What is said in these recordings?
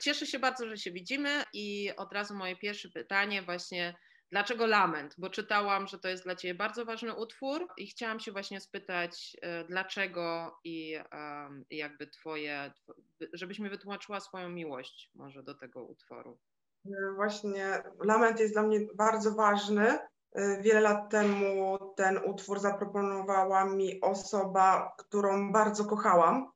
Cieszę się bardzo, że się widzimy i od razu moje pierwsze pytanie właśnie Dlaczego lament? Bo czytałam, że to jest dla Ciebie bardzo ważny utwór i chciałam się właśnie spytać, e, dlaczego i jakby Twoje, żebyśmy wytłumaczyła swoją miłość może do tego utworu. E, właśnie lament jest dla mnie bardzo ważny. E, wiele lat temu ten utwór zaproponowała mi osoba, którą bardzo kochałam.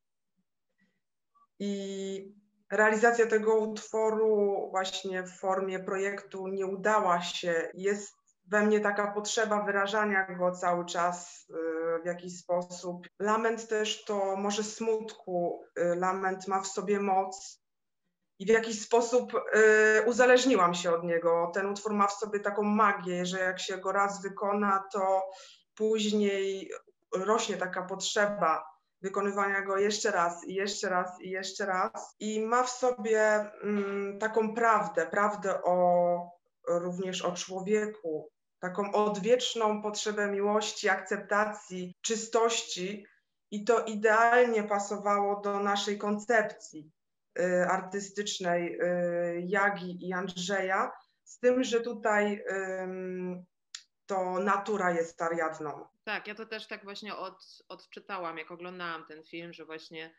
I Realizacja tego utworu właśnie w formie projektu nie udała się. Jest we mnie taka potrzeba wyrażania go cały czas y, w jakiś sposób. Lament też to może smutku. Y, lament ma w sobie moc. I w jakiś sposób y, uzależniłam się od niego. Ten utwór ma w sobie taką magię, że jak się go raz wykona, to później rośnie taka potrzeba wykonywania go jeszcze raz i jeszcze raz i jeszcze raz. I ma w sobie mm, taką prawdę, prawdę o, również o człowieku, taką odwieczną potrzebę miłości, akceptacji, czystości. I to idealnie pasowało do naszej koncepcji y, artystycznej y, Jagi i Andrzeja, z tym, że tutaj y, to natura jest Ariadną. Tak, ja to też tak właśnie od, odczytałam, jak oglądałam ten film, że właśnie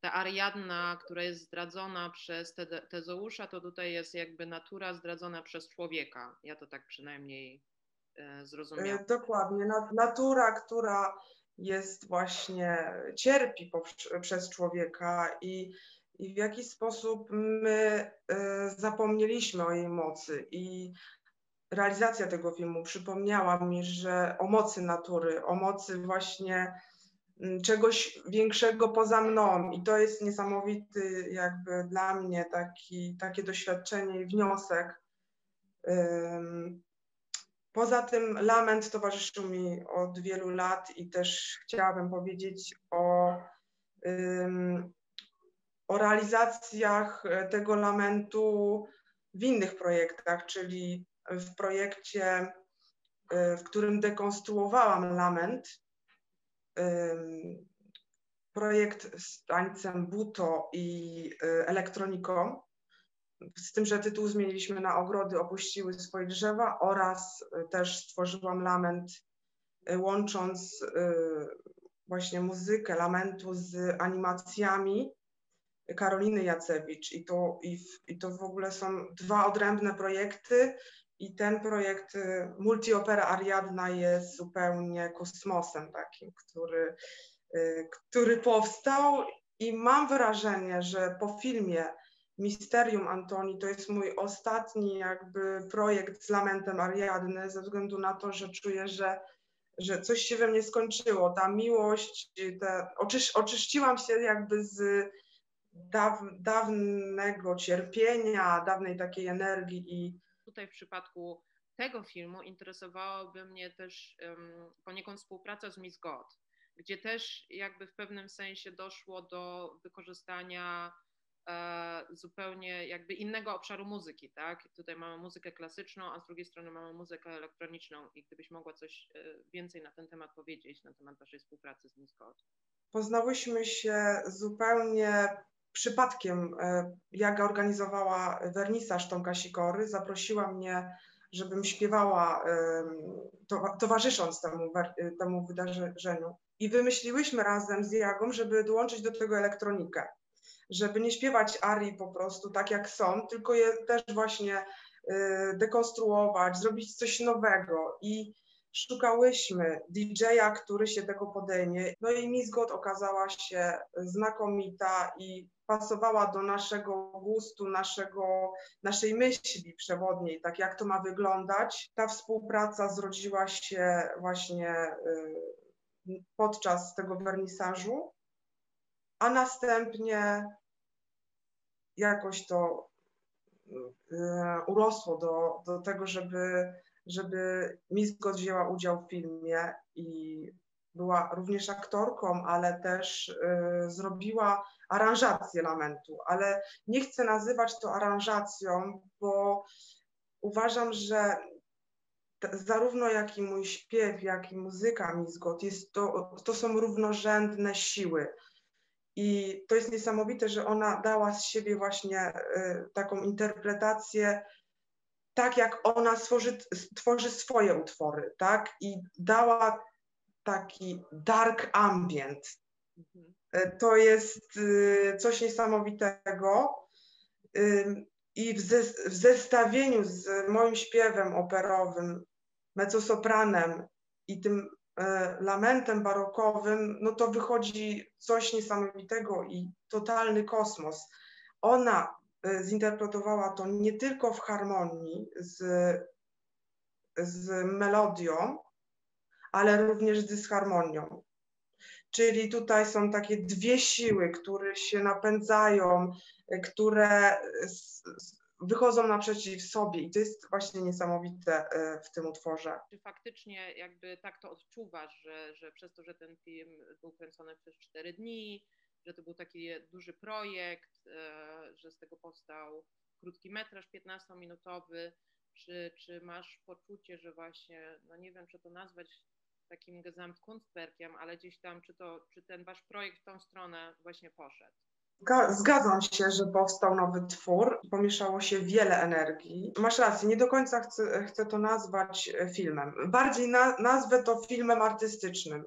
ta Ariadna, która jest zdradzona przez te, to tutaj jest jakby natura zdradzona przez człowieka. Ja to tak przynajmniej e, zrozumiałam. E, dokładnie. natura, która jest właśnie, cierpi przez człowieka i, i w jaki sposób my e, zapomnieliśmy o jej mocy i realizacja tego filmu przypomniała mi, że o mocy natury, o mocy właśnie mm, czegoś większego poza mną i to jest niesamowity jakby dla mnie taki, takie doświadczenie i wniosek. Poza tym lament towarzyszył mi od wielu lat i też chciałabym powiedzieć o, o realizacjach e, tego lamentu w innych projektach, czyli w projekcie, y, w którym dekonstruowałam lament. Projekt z tańcem buto i y, elektroniką, z tym, że tytuł zmieniliśmy na Ogrody opuściły swoje drzewa oraz y, też stworzyłam lament łącząc właśnie muzykę lamentu z animacjami Karoliny Jacewicz i to, i, w, i to w ogóle są dwa odrębne projekty i ten projekt y, Multiopera Ariadna jest zupełnie kosmosem takim, który, y, który powstał i mam wrażenie, że po filmie Misterium Antoni to jest mój ostatni jakby projekt z lamentem Ariadny ze względu na to, że czuję, że, że coś się we mnie skończyło. Ta miłość, ta, oczysz, oczyściłam się jakby z daw, dawnego cierpienia, dawnej takiej energii i tutaj w przypadku tego filmu interesowałaby mnie też um, poniekąd współpraca z Miss God, gdzie też jakby w pewnym sensie doszło do wykorzystania e, zupełnie jakby innego obszaru muzyki, tak? Tutaj mamy muzykę klasyczną, a z drugiej strony mamy muzykę elektroniczną i gdybyś mogła coś e, więcej na ten temat powiedzieć, na temat waszej współpracy z Miss God. Poznałyśmy się zupełnie przypadkiem e, Jaga organizowała wernisaż Tomka Sikory, zaprosiła mnie, żebym śpiewała towarzysząc temu, e, temu wydarzeniu. I wymyśliłyśmy razem z Jagą, żeby dołączyć do tego elektronikę, żeby nie śpiewać arii po prostu tak jak są, tylko je też właśnie e, dekonstruować, zrobić coś nowego i Szukałyśmy DJ-a, który się tego podejmie. No i Miss God okazała się znakomita i pasowała do naszego gustu, naszego, naszej myśli przewodniej, tak jak to ma wyglądać. Ta współpraca zrodziła się właśnie y, podczas tego wernisażu, a następnie jakoś to y, y, urosło do, do tego, żeby żeby Mizgot wzięła udział w filmie i była również aktorką, ale też y, zrobiła aranżację lamentu, ale nie chcę nazywać to aranżacją, bo uważam, że zarówno jak i mój śpiew, jak i muzyka Mizgot, jest to, to są równorzędne siły. I to jest niesamowite, że ona dała z siebie właśnie y, taką interpretację tak jak ona stworzy, swoje utwory, tak? I dała taki dark ambient. Mhm. To jest y, coś niesamowitego. Y, I w, zestawieniu z moim śpiewem operowym, mezzosopranem i tym e, lamentem barokowym, no to wychodzi coś niesamowitego i totalny kosmos. Ona Y, zinterpretowała to nie tylko w harmonii z, z melodią, ale również z dysharmonią. Czyli tutaj są takie dwie siły, które się napędzają, y, które wychodzą naprzeciw sobie i to jest właśnie niesamowite y, w tym utworze. Czy faktycznie jakby tak to odczuwasz, że, że przez to, że ten film był kręcony przez cztery dni, że to był taki duży projekt, e, że z tego powstał krótki metraż 15-minutowy. Czy, czy masz poczucie, że właśnie, no nie wiem, czy to nazwać takim Gesamtkunstwerkiem, ale gdzieś tam, czy, to, czy ten wasz projekt w tą stronę właśnie poszedł? Zgadzam się, że powstał nowy twór. Pomieszało się wiele energii. Masz rację, nie do końca chcę, chcę to nazwać filmem. Bardziej na, nazwę to filmem artystycznym.